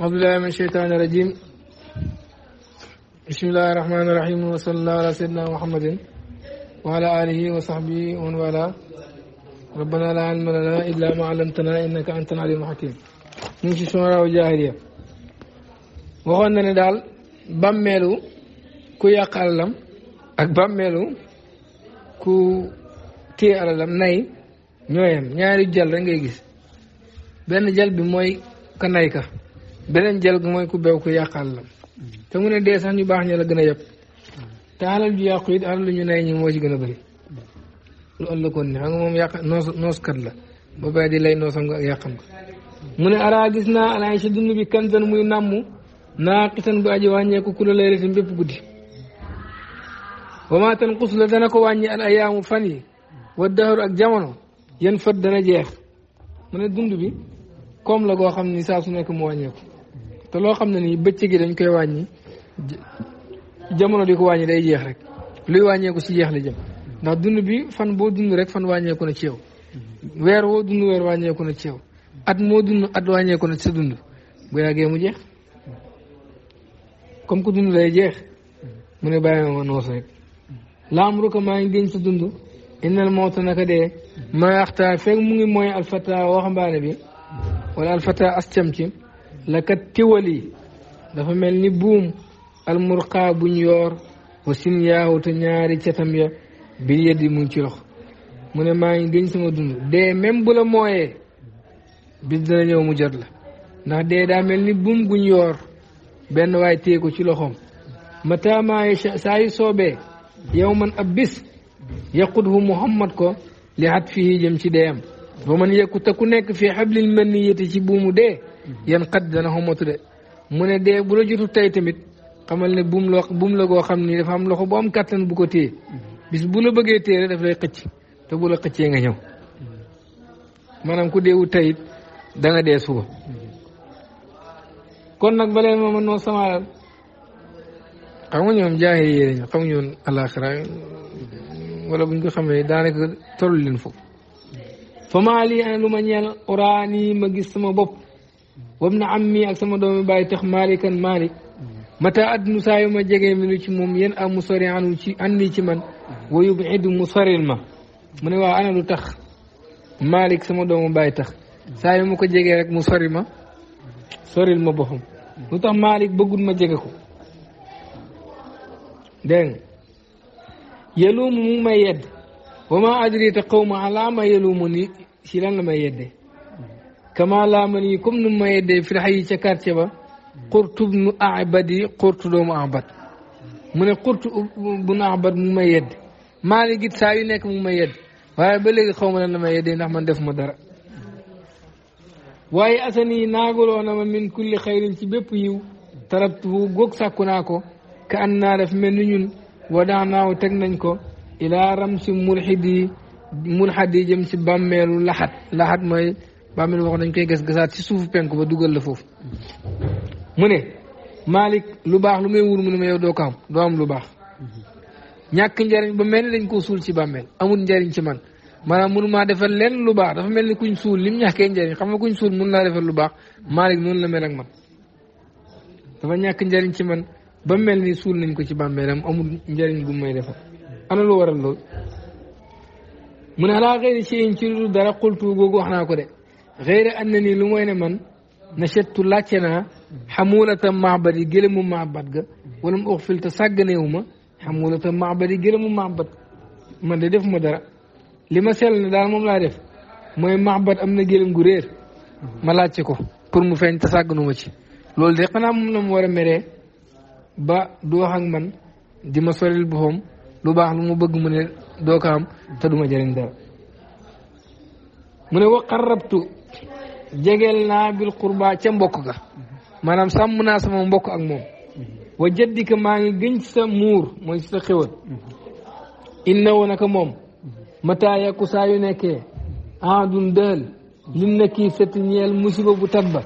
أعوذ بالله من الشيطان الرجيم بسم الله الرحمن الرحيم وصلى الله على سيدنا محمد وعلى آله وصحبه ومن والاه ربنا لا علم لنا إلا ما علمتنا إنك أنت العليم الحكيم ñu ngi ci sumara wu jaahiliya waxoon na ne daal bàmmeelu ku yàq alalam ak bàmmeelu ku téye alalam nay ñooyam ñaari jël rek ngay gis benn jël bi mooy ka nay ka beneen jël mooy ku bew ku yàqal la te mu ne dee sax ñu baax ña la gën a yëpp te alal ju yàqu it alal ñu nay ñi moo ci gën a bëri lu ëllëgoon ne xam nga moom yàq noos nooskat la ba lay noosam nga ak yàqam nga mu ne araa naa alaay si dund bi kansan muy nàmm naa xisan bu aji wàññeeku ku la lay retin bépp guddi wama tan xus la dana ko wàññi al ayaamu fan yi wa dahru ak jamono yan fët dana jeex mu ne dund bi koom la goo xam ni saa su nekk mu wàññeeku te loo xam ne nii bëccëg gi dañ koy wàññi jamono di ko wàññi day jeex rek luy wàññeeku si jeex la jëm ndax dund bi fan boo dund rek fan wàññeeku na ci yow weer woo dund weer wàññeeku na ci yow at moo dund at wàññeeku na ci sa dund bu yàggee mu jeex comme que dund lay jeex mu ne bàyyi ma noos rek laam ruka maa ngi dénc sa dund innal mawta naka ma yaxtaa fekk mu ngi mooy alfata waxambaane bi wala alfata as ci naka tiwali dafa mel ni buum almurqaa buñ yoor wa sin te ñaari catam ya bil yeddi mu ci loxo mu ne maa ngi gëñ sama dund dee même bu la mooyee bis dana ñëw mu jot la ndax dee daa mel ni buum guñ yoor benn waay téye ci loxoom mata maa saa soobee yow man ab bis yaquthu muhammad ko li xat fii jëm ci deeyam ba man yekku te ku nekk fii xablil manniyati ci buumu dee yan xat dana xamatu de mu ne dee bu la jotu tey tamit xamal ne buum loo bum la goo xam ni dafa am loxo bu kàttan bu ko téye bis bu la bëggee téye rek daf lay xëcc te bu la xëccee nga ñëw maanaam ku deewu tey da nga dee suba kon nag balee ma mën noo samaalal xam nga ñoom jaaxe yéeréñ xam nga ñoon alaxira buñ ko xamee daanaka torul leen foofu fa maa lii ana lu ma ñeel oraani ma gis sama bopp wam na am mi ak sama doomi bàyyi tax maalikan maalik mata addnu saa yu ma jegee minu ci moom yéen a mu sori anu ci anni ci man wa yubidu mu soril ma mu ne waaw ana lu tax maalik sama doomu bàyyi tax saa yu ma ko jegee rek mu sori ma soril ma boppam lu tax maalik bëggul ma jege ko dégg nga yeluumu mu ngi may yedd wa ma adri te xaw ma alaa ma yeluumu ni si lan la may yedde kama laaman yi comme nu ma yeddee fi xay yi ca quartier ba xurtu nu ahbat doomu ahbat mu ne xurtu bu nu ahbat mu may maa ngi gis saa yu nekk mu may waaye ba léegi xaw ma lan la may ndax man def ma dara waaye asani naaguloo na ma min kulli xayrin ci bépp yiw tarabtu bu góog sàkku naa ko ka an naa def mel ni ñun wadaanaaw teg nañ ko ilaa ram si murxid yi murxad yi jëm si bàmmeelu laxat laxat mooy bàmmeel wax dañ koy gas gasaat ci suufu penk ba dugal la foofu mu ne Malick lu baax lu may wur mu ne ma yow doo ko am doo am lu baax ñàkk njariñ ba mel ni dañ koo suul ci bàmmeel amul njariñ ci man maanaam mënu defal lenn lu baax dafa mel ni kuñ suul lim ñàkkee njariñ xam nga kuñ suul mën laa lu baax Malick noonu la mel ak man dafa ñàkk njariñ ci man ba mel ni suul nañ ko ci bàmmeelam amul njariñ bu may defal ana lu waral loolu mu ne alaa xëy na ci dara xultu googu wax naa ko de xëyra an na nii lu mooy ne man nachettu laajte naa xamulata mahbat yi gëlëmu mahbat ga wala mu ux fil te sàgganeewu ma xamulata mahbat yi gëlëmu mahbat man de def ma dara li ma sell ne daal moom laa def mooy mahbat am na gëlëm gu réer ma laajte ko pour mu feeñ te sàgganu ma ci loolu de xanaa moom la mu war a meree ba du wax ak man di ma soril boppam lu baax lu mu bëgg mu ne doo ko am te du ma jëriñ dara mu ne wa qarrabtu jegeel naa bil qurba ca mbokk ga maanaam sàmm naa sama mbokk ak moom wa jaddika maa ngi gëñ sa muur mooy sa xéwal inna woon naka moom mataa yàkku saa yu nekkee aadun dëhël lim na kii sëtti ñeel musiba bu tat ba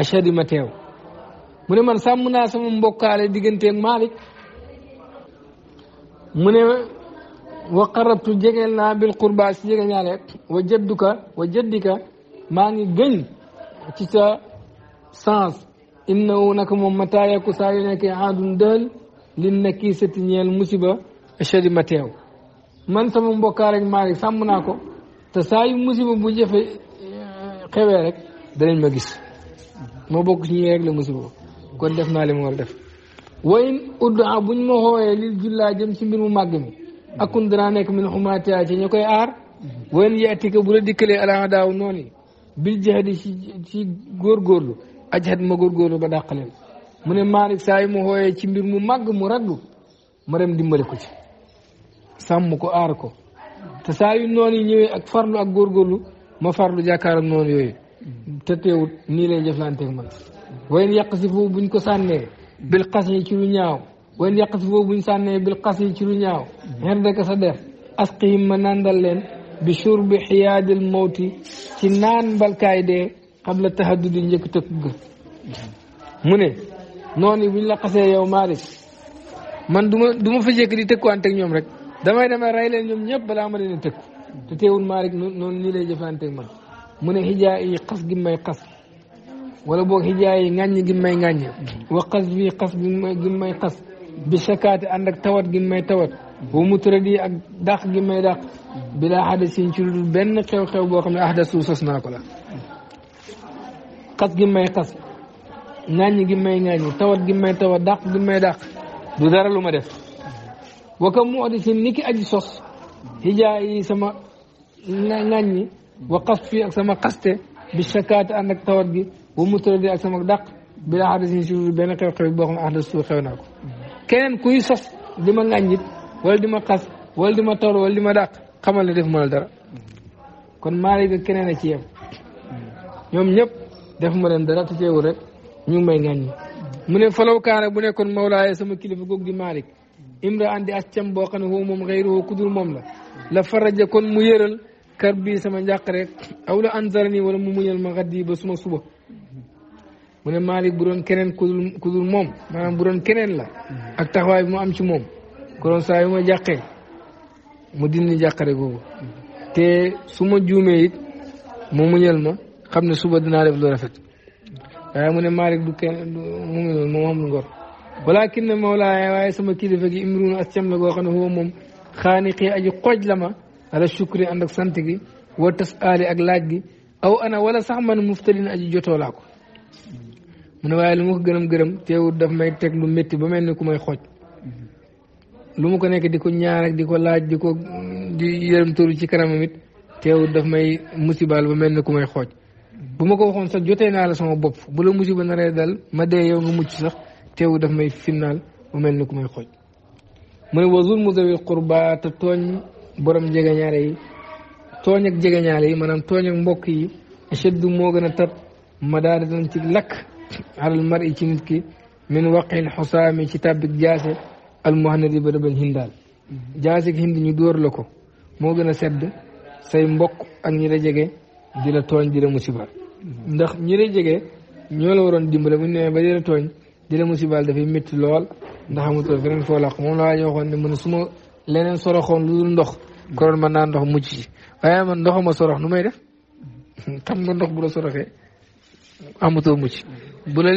achadi ma teew mu ne man sàmm naa sama mbokkaale digganteeg Malick mu ne wa qarabtu jegeel naa bil qurba si jege ñaale wa jadduka wa jaddika maa ngi gëñ ci sa sens innahu naka moom mata yeku saa yu nekk aadun dël lin na kii sati ñeel musiba achadi ma teew man sama mbokkaa rek maa ngi sàmm naa ko te saayu yu musiba bu jafe eh, xewee rek danañ ma gis ma bokk ci ñi rek la musiba kon def naa li ma war a def wayn udda buñ ma xooyee lil jullaa jëm si mbir mu màgg mi akun danaa nekk min xumaatiya ci ñu koy aar wayn yatika bu la dikkalee ala daaw noonu bil jihadi ci ci góorgóorlu ajhad ma góorgóorlu ba dàq leen mu ne Malick saa yu mu ci mbir mu màgg mu ragg ma dem dimbale ko ci sàmm ko aar ko te saa yu ñëwee ak farlu ak góorgóorlu ma farlu jàkkaar ak noonu yooyu te teewut nii lay jëflanteeg man wayen yàq si foofu buñ ko sànnee bil xas yi ci lu ñaaw wayen yàq si foofu buñ sànnee bil xas ñu ci lu ñaaw xer dëkk sa der asqihim ma nandal leen bi shurbi xiyaadil mawti ci naan mbalkaay dee xam la tahaddudi njëkk tëkk mu ne noon noonu buñ la xasee yow Malick man du ma du ma fa jekk di tëkkuwante ñoom rek damay demee rey leen ñoom ñëpp balaa ma leen a tëkku te teewul Malick noonu nii lay jëfante ak man mu ne xijaa yi xas gi may xas wala boog xijaa yi ŋàññ gi may ŋàññ wa xas bi xas gi may xas bi sakaati ànd ak tawat gi may tawat bu mu tëradi ak dàq gi may dàq bilaa xadis yi ci lu dul benn xew-xew boo xam ne ahdasu sos naa ko la xas gi may xas ŋaañi gi may ŋaañi tawat gi may tawat dàq gi may dàq du dara lu ma def waka mu adisin ni ki aji sos hijaa yi sama ŋaañi wa xas fii ak sama xaste bi shakaate ànd ak tawat gi bu mu tëradi ak sama dàq bilaa xadis yi ci lu dul benn xew-xew boo xam ne ahdasu xew naa ko kuy sos di ma ŋaañit wala di ma xas wal di ma toll wala di ma dàq xamal ne def ma dara kon maalik ak keneen a ci yem ñoom ñëpp def ma leen dara te teewul rek ñu ngi may ngàññi mu ne falaw kaana bu nekkoon mawlaaye sama kilifa googu di maalik imra andi as cam boo xam ne woo moom xayru kudur moom la la faraja kon mu yëral kar bii sama njàq rek aw la anzarani wala mu muñal ma xaddi ba suma suba mu ne maalik bu doon keneen kudul moom maanaam bu doon keneen la ak taxawaay bi mu am ci moom konoon saa yu ma jàqee mu dindi jàqare googu te su ma juumee it mu muñal ma xam ne suba dinaa def lu rafet waaye mu ne Malick du kenn mu ngi noonu moom amul ngor ne waaye sama kilifa gi imrun as cam la goo xam ne foofu moom xaaniqi aj xooj la ma ala shukri ànd ak sant gi wa tas aali ak laaj gi aw ana wala sax man muftalin aji jotoo laa mu ne waaye lu ma ko gërëm gërëm teewul daf may teg lu métti ba mel ni ku may xooj lu mu ko nekk di ko ñaar di ko laaj di ko di yërëm tëru ci kanamam it teewul daf may musibaal ba mel ne ku may xooj bu ma ko waxoon sax jotee naa la sama bopp bu la musiba naree dal ma dee yow nga mucc sax teewul daf may finnaal ba mel ne ku may xooj mu ne wazul mu zawi qurba tooñ borom jegeñaale yi tooñ ak jegeñaale yi maanaam tooñ ak mbokk yi ashaddu moo gën a tat ma daal di doon ci lakk alal mar yi ci nit ki min waqil mi ci tàbbik jaase almuhannad yi ba da bañ hindaal jaasig hindi ñu dóor la ko moo gën a sedd say mbokk ak ñi la jege di la tooñ di la musibaal ndax ñi la jege ñoo la waroon dimbale bu ñu nee ba di la tooñ di la musibaal dafay métti lool ndax amutoo feneen foo làq moom la waa ñoo waxoon ma leneen soroxoon lu dul ndox koroon man naa ndox mucc ci a man ndoxama sorox nu may def xam nga ndox bu la soroxee amutoo mucc bu la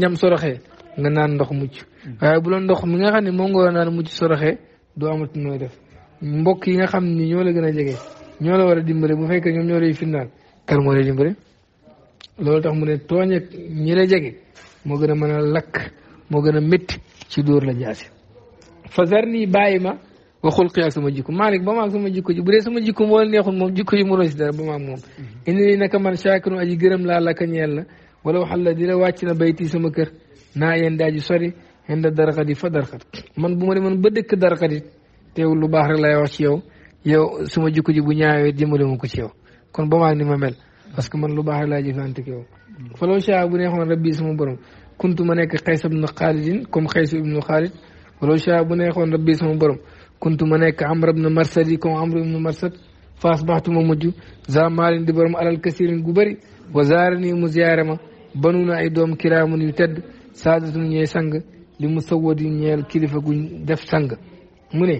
ñam soroxee nga naan ndox mucc waaye bu la ndox mi nga xam ne moom nga war a naan mucc soroxee doo amati nooy def mbokk yi nga xam ni ñoo la gën a jege ñoo la war a dimbale bu fekkee ñoom ñoo lay finnaal kan moo lay dimbale loolu mu ne tooñ ak la jege moo gën a mën a lakk moo gën a métti ci dóor la jaasi fa zarni bàyyi ma waxul xi ak sama jikko Malick ba ma ak sama jikko ji bu dee sama jikko moo la neexul moom jikko yi mënoo si dara ba ma ak moom mm-hmm. indi naka man chaakanu aji gërëm laa la wala waxal la dina wàcc na bayti naa yéen daa ji sori da daraxat yi fa daraxat man bu ma demoon ba dëkk daraxat yi teewul lu baax rek lay wax ci yow yow su ma jikko ji bu ñaawee jëmale ma ko ci yow kon ba maag ni ma mel parce que man lu baax rek laa jëflante ak yow hmm. falaw sha bu neexoon rabbi sama borom kuntu ma nekk xays ibnu xaalidin comme xays ibnu xaalid falaw sha bu neexoon rabbi sama borom kuntu ma nekk amr ibnu marsad yi comme amr ibnu marsad faas baxtu ma di borom kasirin gu bëri wa zaara nii mu ziyaare ma banu na ay doom kiraamun yu tedd saadatun ñee sang li mu sawadi ñeel kilifa guñ def sang mu ne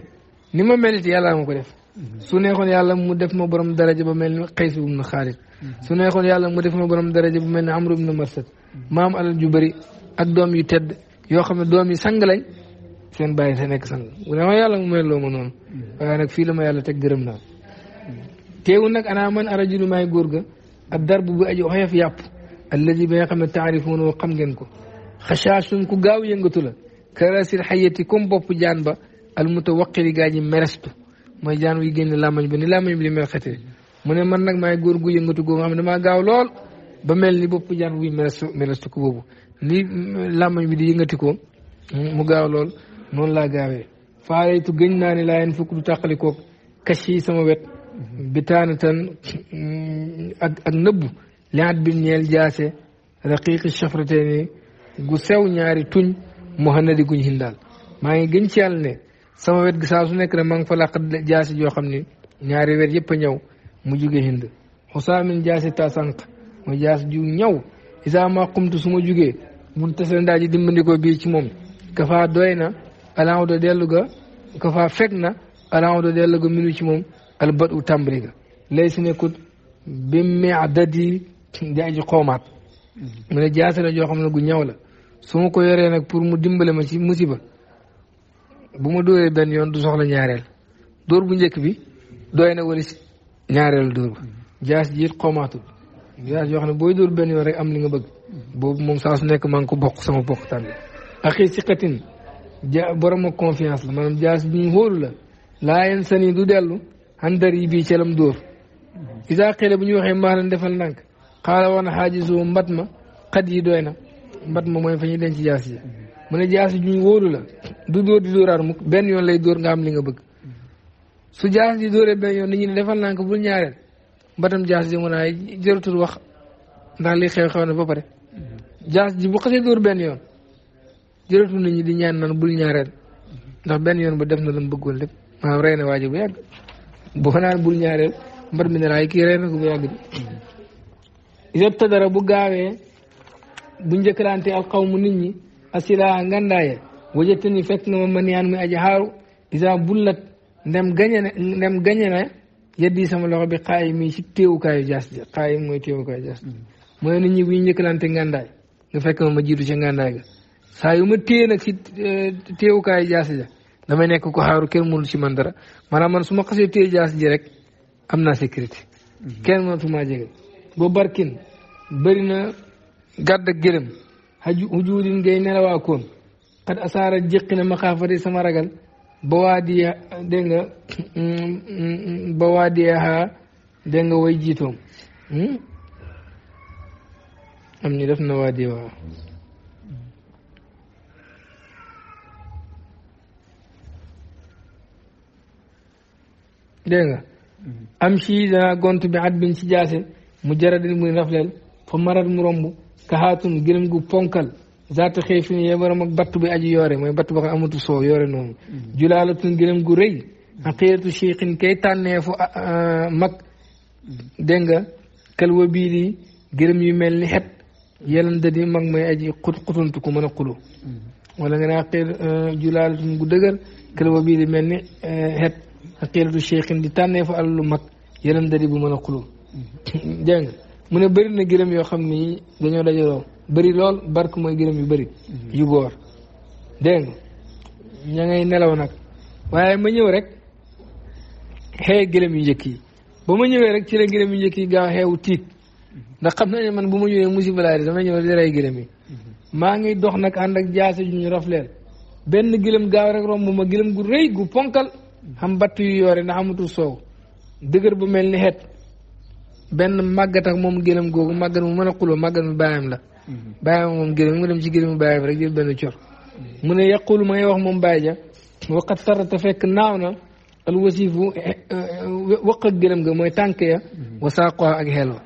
ni ma mel it yàlla ma ko def mhm. su neexoon yàlla mu def ma borom daraja ba mel ni xays ibnu xaalid mhm. su neexoon yàlla mu def ma borom daraja bu mel ni amru ibnu marsad mhm. maam alal ju bari ak doom yi tedd yoo xam ne doom yi sang lañ seen bàyyi sa nekk sang bu ne ma yàlla mu mel loo ma noonu waaye nag fii la ma yàlla teg gërëm naa teewul nag ana man arajulu maay góor ga ak darbu bu aji oyof yàpp allazi bi nga xam ne taarifuuna xam ngeen ko xacaacun ku gaaw yëngatu la karasil xayati comme bopp jaan ba al mutawaqili gaa ñi merestu mooy jaan wuy génn làmmañ ba ni làmmañ bi di mel xatiri ne man nag maay góor yëngatu goo nga damaa gaaw lool ba mel ni bopp jaan wuy merestu merestu ko bi di yëngati ko mu gaaw lool noonu laa gaawee faaraytu gëñ naa ne fukk du tàqali koog kash yi sama wet bitaana tan ak ak nëbbu liat bi ñeel jaase gu sew ñaari tuñ mu xanadi guñ hindaal maa ngi gën ci yàlla ne sama wet gi saa su nekk rek maa ngi fa laq jaasi joo xam ne ñaari wet yëpp a ñëw mu jugee hind xusaamin jaasi taasànq mu jaasi ju ñëw isaa maa xumtu su ma jugee mun tase ndaa ji dimbandikoo bii ci moom kafaa doy na alaw do dellu ga kafaa fekk na alaw do dellu ga minu ci moom albat u tàmbali ga lay si nekkut bi meex dadi di aji xoomaat mu ne jaasi la joo xam ne gu ñaw la su ma ko yoree nag pour mu dimbale ma ci musiba bu ma dóoree benn yoon du soxla ñaareel dóor bu njëkk bi doy na wala si ñaareelu dóor ba jaas ji it xomaatul jaas yoo xam ne booy dóor benn yoon rek am li nga bëgg boobu moom saa nekk maa bokk sama bokk tànn axi siqatin ja borom ma confiance la maanaam jaas bi ñu la laa yeen sani du dellu xandar yi bii celam dóor isa xëy bu ñu waxee mbaax leen defal ndànk xaala woon soo mbat ma xat yi doy na mbat ma mooy fa ñuy denc jaas yi mu ne jaas yi ñu la du dóor di dóoraat mukk benn yoon lay dóor nga am li nga bëgg su jaas di dóoree benn yoon nit ñi ne defal naa bul ñaareel mbatam jaas ji mun a jërutul wax ndax li na ba pare jaas ji bu xasee dóor benn yoon jërutul nit di ñaan naan bul ndax benn yoon ba def na lam bëggoon lépp maanaam rey na waajo bu yàgg boo naan bul ñaareel mbat mi ne kii rey na ko bu yàgg yotta dara bu gaawee bu njëkkalante al xawmu nit ñi asilaa ngandaaye wajate ni fekk nga ma maniyaan muy aji xaaru isa bullat ndem gañe ne ndem gañe ne yeddi sama loxo bi xaayi mii ci téewukaayu jaas ji xaayi mooy téewukaayu jaas ji mooy nit ñi bu ñu njëkkalante ngandaay nga fekk ma ma jiitu ci ngandaay ga saa yu ma téye nag ci eh, téewukaayu jaas ja damay nekk ko xaaru kenn mënu ci man dara maanaam man su ma xasee téye jaas ji rek am naa sécurité mhm. kenn mënatu maa jege ba barkin bëri na gàdd ak gërëm aju ujuudin ngay nelawaakoon asaara jéqi na sama ragal ba waa di dégg nga mm, ba waa haa dégg nga hmm? am ni def na waa waa dégg hmm. am si danaa bi at biñ ci mu jaradin muy rafleel fa marat mu romb kaxaatun gëlëm gu ponkal zaata xëy fi ni yebaram ak batt bi aji yoore mooy batt ba xam amatu soow yoore noonu mm-hmm. julaalatun gëlëm gu rëy mm-hmm. aqiiratu chiiqin kay mag mm-hmm. dégg nga kalwa bii di gërëm yu mel ni xet yelan da di mooy aji xut xutuntu ku wala nga ne aqir euh, julaalatun bii di mel ni euh, xet aqiiratu chiiqin di tànnee fu alalu mag yelan da di bu mën a xulu dégg mu ne bëri na gërëm yoo xam ni dañoo dajaloo bëri lool bark mooy gërëm yu bëri mhm. yu góor dégg nga ña ngay nelaw nag waaye ma ñëw rek xee gërëm yu njëkk yi ba ma ñëwee rek ci la gërëm yu njëkk yi gaaw xeewu tiit mhm. ndax xam nañu man bu ma ñëwee musiba laa di damay ñëw di rey gërëm yi mhm. maa ngi dox nag ànd ak jaase ju ñu raf leen benn gëlëm gaaw rek romb ma gëlëm gu rëy gu ponkal xam batt yu yore ndax amatul soow dëgër bu mel ni xeet benn màggat ak moom gëlëm googu màggat mu mën a xuloo màggat mu bàyyam la mhm. bàyyam moom gëlëm mu dem ci gëlëm bàyyam rek jël benn cor mhm. mu ne yaqulu ma ngay wax moom bàyyi ja waqat sarata fekk naaw na al wasifu eh, eh, eh, waq ak gëlëm ga mooy tànk ya mhm. wasaaqoo ak xel wa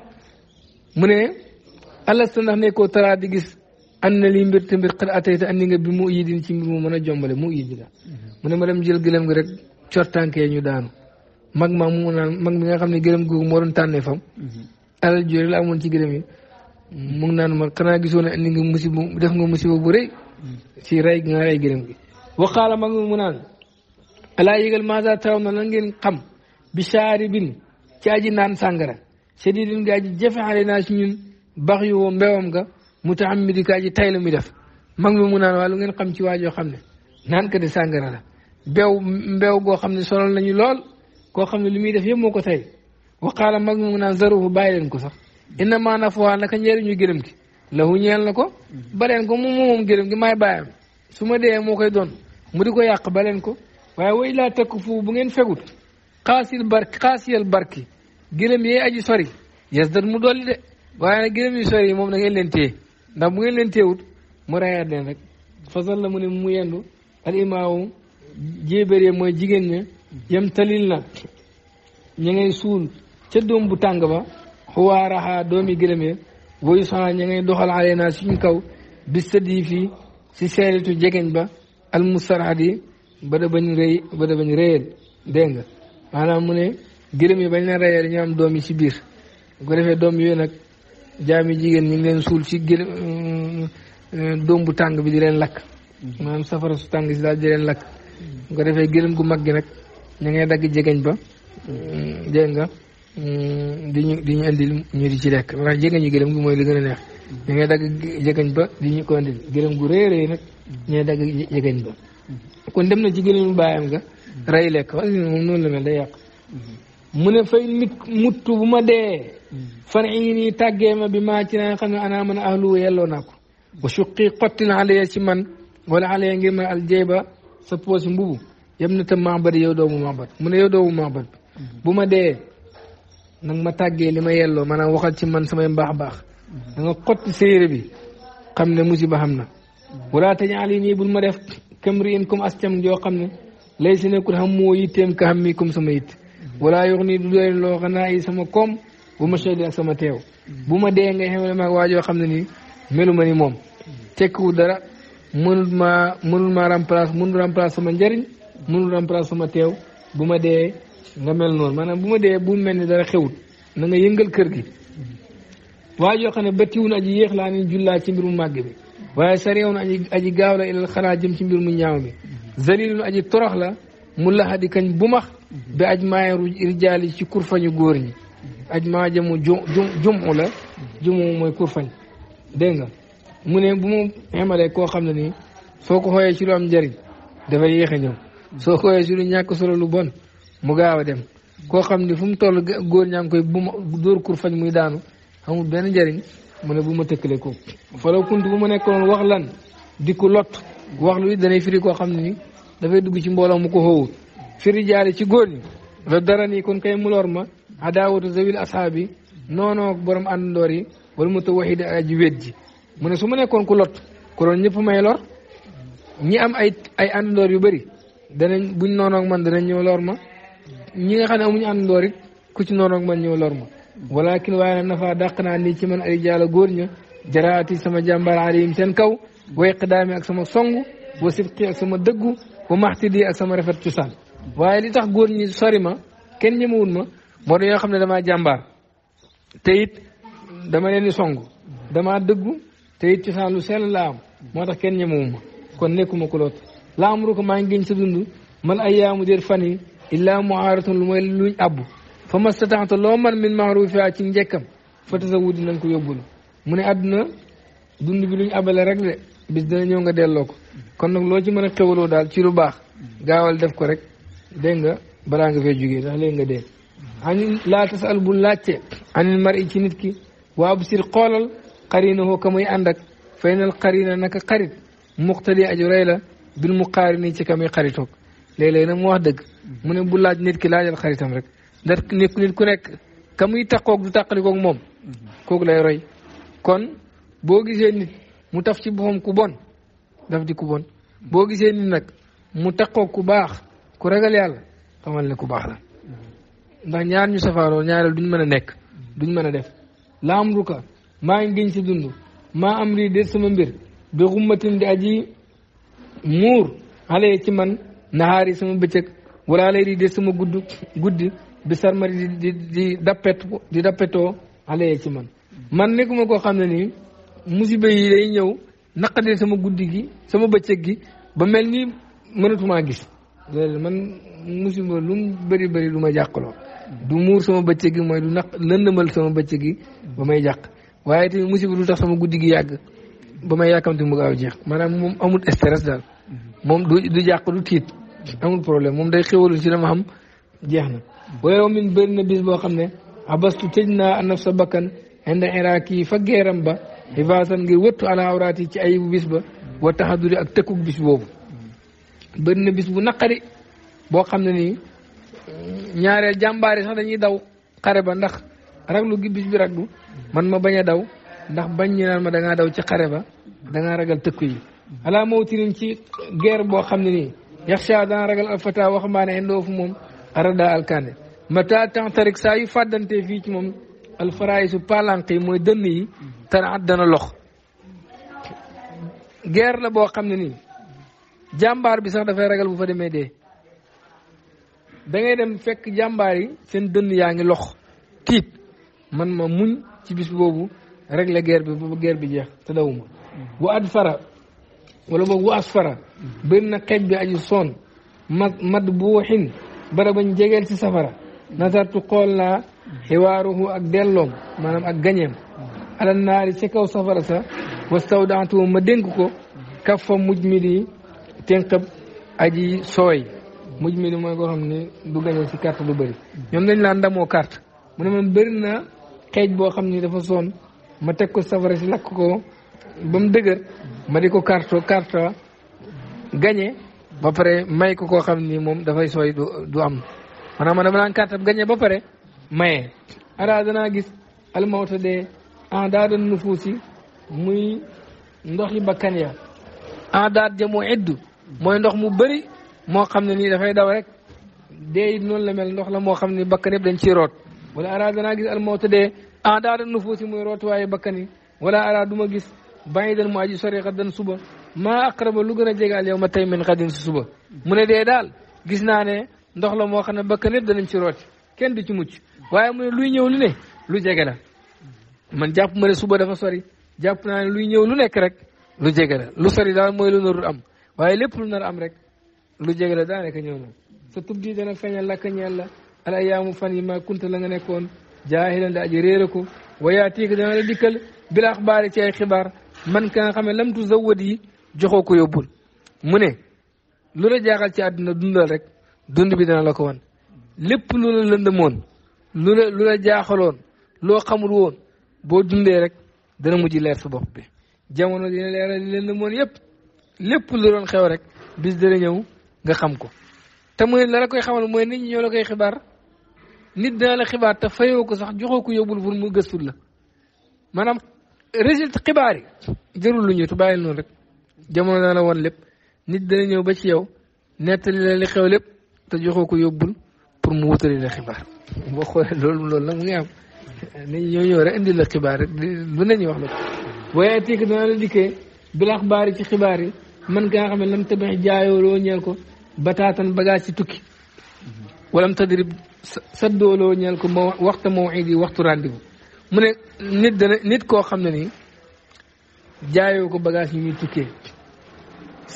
mu ne alasta ndax nekkoo taraa di gis an na li mbir te mbir xat atayta andi nga bi mu yidin ci mbir mu mën a jombale mu yidi la mu ne ma dem jël gëlëm gi rek cor tànk ya ñu daanu mag ma mu naan mag mi nga xam ne gërëm googu moo doon tànnee fam mhm. alal jooy ci gërëm yi mu ngi naan ma xanaa gisoon ne indi nga musiba def nga musiba bu rëy si mhm. rey gi nga gërëm gi waxaala mag mi mu naan alaa yëgal maasa taw na lan ngeen xam bi saari bin ci aji naan sàngara sedidin ga naa si ñun bax yu woo mbewam ga mu tax am mi di kaa ji tay la muy def mag mi mu naan waa lu ngeen xam ci waajoo xam ne naan ka de sàngara la bew goo xam ne sonal nañu lool koo xam ne li muy def yëpp moo ko tey waqaala mag mu naan zaruhu bàyyi leen ko sax a maa nafuwaa ñu njëriñu gërëm gi lahu ñeel na ko baleen ko moom moom gërëm gi maay bàyyam su ma dee moo koy doon mu di ko yàq baleen ko waaye way laa tekk fu bu ngeen fegut xaasil barki xaasiyal barki gërëm yee aji sori yes dat mu dolli de waaye nag gërëm sori yi moom da ngeen leen téye ndax mu ngeen leen téewut mu rayaat leen rek fasal la mu ne mu yendu al imaamu jéebéree mooy jigéen ña yam talil na ña ngay suul ca doom bu tàng ba xuwaaraxaa doomi gëlëmee woyu sana ña ngay doxal alee naa suñ kaw bis yi fii si seeritu jegeñ ba almusarhadi ba da bañ ba da bañ rëyal dégg nga maanaam mu ne gëlëm yi bañ na reyal ñu am doom yi si biir bu ko defee doom yooyu nag jaami jigéen ñi ngi leen suul si gëlëm mm, bu tàng bi di leen lakk mm-hmm. maanaam safara su tàng si daal di leen lakk mm-hmm. bu ko defee gëlëm gu mag gi nag ñu ngay dagg jegeñ ba mm, dégg nga mm, di ñu di ñu di ci lekk ndax jegeñ yi gi mooy li gën neex ñu ngay dagg jegeñ ba di ñu ko indil gëlëm gu rëy rëy nag dagg jegeñ ba kon dem na ci gëlëmu bàyyam nga rey lekk wala noonu la mel day yàq mu ne fay nit mutt bu ma dee fan yi nii tàggee ma bi ma ci naa xam ne anaa mën a ahlu yelloo naa ko wa suqi xottin xale ya ci man wala xale ya ngir man aljeyba sa poos mbubu yam na tam mahbad yow doomu mahbad mu ne yow doomu mahbad mhm. bu ma dee nag ma tàggee li ma yelloo maanaam waxal ci man samay mbaax baax da mhm. nga xotti bi xam ne musiba xam na mhm. wala tañaal yi nii ma def kam riin joo xam ne lay si nekkul xam moo yitteem ka comme sama yitt wala yox loo xanaa sama koom bu ma sama teew bu ma dee nga xewle maag waa xam ne nii melu ma ni moom tekkiwu dara mënul ma mënul maa remplace mënul remplace sama njariñ mënul remplacer sama teew bu ma dee nga mel noonu maanaam bu ma dee bu mel ni dara xewut na yëngal kër gi waa yoo xam ne ba tiwun aji yéex laa ni jullaa ci mbir mu màgg bi waaye sareewun aji aji gaaw la ilal jëm ci mbir mu ñaaw i aji torox la mu laxadi kañ bu max bi aj maaye rijaal yi ci kurfañu góor ñi aj maa jëmu jum jumu la jumu mooy kurfañ dégg nga mu ne bu mu xemalee koo xam ne nii foo ko xooyee ci lu am njëriñ dafay yéex a ñëw soo ko woowee lu ñàkk solo lu bon mu gaaw a dem koo xam ne fu mu toll góor ñaa ngi koy bu ma dóor kur muy daanu xamul benn njariñ mu ne bu ma tëkkale ko falaw kunt bu ma nekkoon wax lan di ku lot wax lu it danay firi koo xam ne ni dafay dugg ci mbooloo mu ko xóowut firi jaale ci góor ñi la dara nii kon kay mu ma adaawatu zawil asaabi noonoo borom àndandoor yi wala mu ta waxid aji wét ji mu ne su ma nekkoon ku lot ko doon ñëpp may lor ñi am ay ay àndandoor yu bëri danañ buñ noonu ak man danañ ñëw lor ma ñi nga xam ne amuñu àndandoor it ku ci noonu ak man ñëw lor ma walakin waaye nag nafa dàq naa nii ci man ay jaala góor ña jaraati sama jàmbaar alayhim seen kaw way xidaami ak sama song wa sibqi ak sama dëggu wa maxtidi ak sama rafet cosaan waaye li tax góor ñi sori ma kenn ñëmawul ma moo dañoo xam ne damaa jàmbaar te it dama leen di song damaa dëggu te it cosaan lu sell la am moo tax kenn ñëmawul ma kon nekkuma ku laa amru ko maa ngi giñ sa dund mal ayaamu déet fan yi illaa muaaratun lu mooy luñ abbu fa mastataxta loo man min maaruufiha ci njekkam fa tasawudi na nga ko yóbbulu mu ne àdduna dund bi luñ abale rek de bis dana ñëw nga delloo ko kon nag loo ci mën a xewaloo daal ci lu baax gaawal def ko rek dégg nga balaa nga fee jógee ndax léegi nga dee ani laa tasal bu laajte anil mari ci nit ki waa bu sir xoolal xarina hoo ka muy ànd ak faynal xarina naka xarit muqtadi aju rey la bil mu xaari nii ci kam yi xaritoog léeg-léeg nag mu wax dëgg mu ne bu laaj nit ki laajal xaritam rek ndax nit nit ku nekk ka muy taqoog du tàqalikoog moom kooku lay roy kon boo gisee nit mu taf ci boppam ku bon daf di ku bon boo gisee nit nag mu taqoog ku baax ku ragal yàlla xamal ne ku baax la ndax ñaar ñu safaaroo ñaareel duñ mën a nekk duñ mën a def laam ruka maa ngi si dund maa am rii déet sama mbir bi xummatin di aji muur xale ci man naxaari sama bëccëg wala lay di de sama gudd guddi bi sarmari di dappet di dappetoo xale ci man man nekkuma koo xam ne nii musiba yi day ñëw naqadee sama guddi gi sama bëccëg gi ba mel ni mënatumaa gis loolu man musiba lu bëri bëri lu ma jàqaloo du muur sama bëccëg gi mooy du naq lëndëmal sama bëccëg gi ba may jàq waaye tamit musiba du tax sama guddi gi yàgg ba may yàkkamti mu gaaw jeex maanaam moom amul stress daal mm-hmm. moom du du jàq du tiit amul problème moom day xéwalu ci dama xam jeex na mm-hmm. wayow min bëri na bis boo xam ne abastu tëj naa anaf sa bakkan inda iraq yi fa geeram ba xivaasan ngir wëttu ala awraat yi ci ayibu bis ba wa taxaduri ak tëkkuk bis boobu mm-hmm. bëri na bis bu naqari boo xam ne nii ñaareel jàmbaari sax dañuy daw xare ba ndax raglu gi bis bi raglu man ma bañ a daw ndax bañ ñu naan ma da daw ci xare ba da ngaa ragal tëkku yi alaa mawtinin ci guerre boo xam ne nii yaxsha dana ragal alfata waxambaane indoo fu moom arada alkande mata tantarik saa yu fàddante fii ci moom alfaraay su palank mooy dënn yi tanaat dana lox guerre la boo xam ne nii jàmbaar bi sax dafay ragal bu fa demee dee dangay ngay dem fekk jàmbaar yi seen dënn yaa ngi lox tiit man ma muñ ci bis boobu régler guerre bi ba bi jeex te dawuma wa ad fara wala boog wa asfara bëri na xeej bi aji soon mad mad buuxin bara bañ jegeel ci safara nasartu xool naa xiwaaruhu ak delloom maanaam ak gañeem alal naari ci kaw safara sa wastawdaatu ma dénk ko kaf fa muj mi di tënqab aji sooy muj mi di mooy koo xam ne du gañee ci carte lu bëri ñoom dañ laa ndamoo carte mu ne man bëri xeej boo xam ni dafa soon ma teg ko safara si lakk ko ba mu dëgër ma di ko karto karta gañe ba pare may ko koo xam ni moom dafay sooy du du am maanaam man dama naan kartam gañe ba pare maye ara danaa gis almawta de en daa doon nufuusi muy ndoxi bakkan ya en daat ja moo iddu mooy ndox mu bëri moo xam ne nii dafay daw rek dee it noonu la mel ndox la moo xam ne bakkan yëpp dañ ciy root wala ara danaa gis almawta de ah daal di nufuusi muy rootuwaayu bakkan yi wala ara du ma gis bàyyi dan mu aji sori xaddan suba maa aqraba lu gën a jégaal yow ma tey min xaddin si suba. mu ne dee daal gis naa ne ndox la moo xam ne bakkan danañ ci rooti kenn du ci mucc waaye mu ne luy ñëw lu ne lu jege la man jàpp ma ne suba dafa sori jàpp naa ne luy ñëw lu nekk rek lu jege la lu sori daal mooy lu narul am waaye lépp lu nar am rek lu jege la daanaka ñëw na sa tub di dana feeñal la al ayaamu yi maa la nga nekkoon. jaahilan di aji réere ko wayaatiika dana la dikkal bil axbaari ci ay xibaar man ka nga xam ne lam tu zawad yi joxoo ko yóbbul mu ne lu la jaaxal ci àdduna dundal rek dund bi dana la ko wan lépp lu la lëndëmoon lu la lu la jaaxaloon loo xamul woon boo dundee rek dana mujj leer sa bopp bi jamono dina leeral li lëndëmoon yëpp lépp lu doon xew rek bis dana ñëw nga xam ko te la la koy xamal mooy nit ñi koy xibaar nit dana la xibaar te fayoo ko sax joxoo ko yóbbul pour mu gëstul la maanaam résultat xibaar yi jërul lu ñu tu bàyyil noonu rek jamono dana la wan lépp nit dana ñëw ba ci yow nettali la li xew lépp te joxoo ko yóbbul pour mu wutali la xibaar boo xoolee loolu loolu la mu ngi am nit ñoo ñëw rek indi la xibaar rek lu nañu wax la ko waaye tiik dana la dikkee bil axbaar yi ci xibaar yi man kaa xam ne lam tabax jaayoo loo ñeel ko bataatan bagage ci tukki walam tadrib saddooloo ñeel ko ma waxta mawid yi waxtu rendez-vous mu ne nit dana nit koo xam ne ni jaayoo ko bagage yi muy tukkee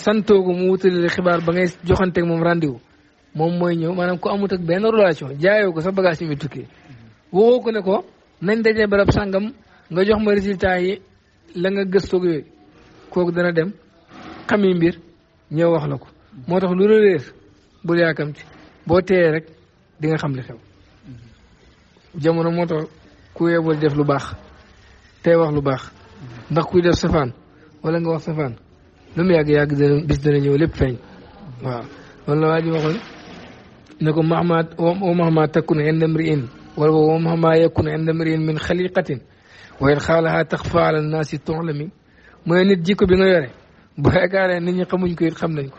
santoo ko mu wutale xibaar ba ngay joxanteek moom rendez moom mooy ñëw maanaam ku amut ak benn relation jaayoo ko sa bagage yi muy tukkee waxoo ko ne ko nañ dajee barab sàngam nga jox ma résultat yi la nga gëstoog yooyu kooku dana dem xami mbir ñëw wax la ko moo tax lu la bul yaakamti boo teeyee rek di nga xam li xew jamono moo tax ku yebal def lu baax tey wax lu baax ndax kuy def safaan wala nga wax safaan lu mu yàgg-yàgg dana bis dana ñëw lépp feeñ waaw loolu la waa ji waxoon ne ko mahma wa mahma takkun inda mriin wala wa mahma yakun inda mriin min xaliqatin wa in xaalaha taxfa ala nnaasi tuxlami mu ne nit jikko bi nga yore bu yaakaaree nit ñi xamuñ ko it xam nañ ko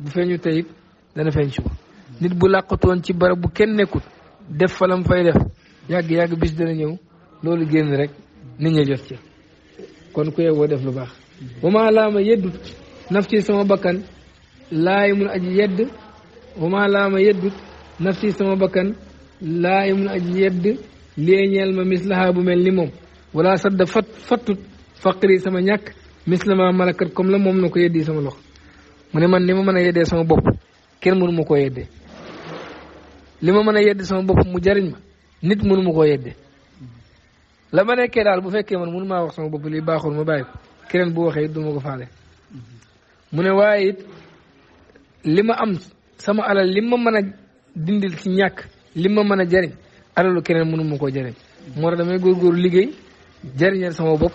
bu feeñu tey it dana feeñ suba nit bu làqatoon ci barab bu kenn nekkut def fa la mu fay def yàgg yàgg bis dana ñëw loolu génn rek nit ña jot ci kon ku yewoo def lu baax wama laama yeddut nafsi sama bakkan laay mun aji yedd wama laama yeddut nafsi sama bakkan laay mun aji yedd léeñeel ma mis bu mel ni moom wala sadda fat fattut faqri sama ñàkk mislama malakat comme la moom na ko yeddi sama loxo mu ne man ni ma mën a yeddee sama bopp kenn mënu ma koo yeddee li ma mën a yedd sama bopp mu jariñ ma nit mënu ma koo yedde la ma nekkee daal bu fekkee man mënu maa wax sama bopp lii baaxul ma bàyyi ko keneen bu waxee du ma ko faale mu ne waaye it li ma am sama alal li ma mën a dindil ci ñàkk li ma mën a jariñ alalu keneen mënu ma koo jariñ moo tax damay góorgóorlu liggéey jariñal sama bopp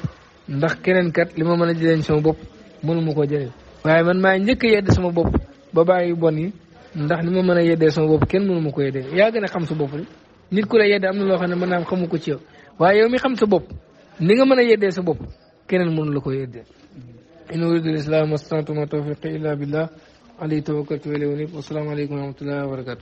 ndax keneen kat li ma mën a jariñ sama bopp mënu koo jariñ waaye man maa njëkk yedd sama bopp ba bàyyi bon yi ndax ni ma mën a yeddee sama bopp kenn mënu ma ko yeddee yaa gën a xam sa bopp de nit ku am na loo xam ne mën naa xamu ko ci yow waaye yow mi xam sa bopp ni nga mën a yeddee sa bopp keneen mënu la ko yeddee in uridu l-islaah mastata'tu wa ma tawfiqi illa billah alayhi tawakkaltu wa ilayhi unib wa salaamu aleykum wa rahmatullahi wa barakatuh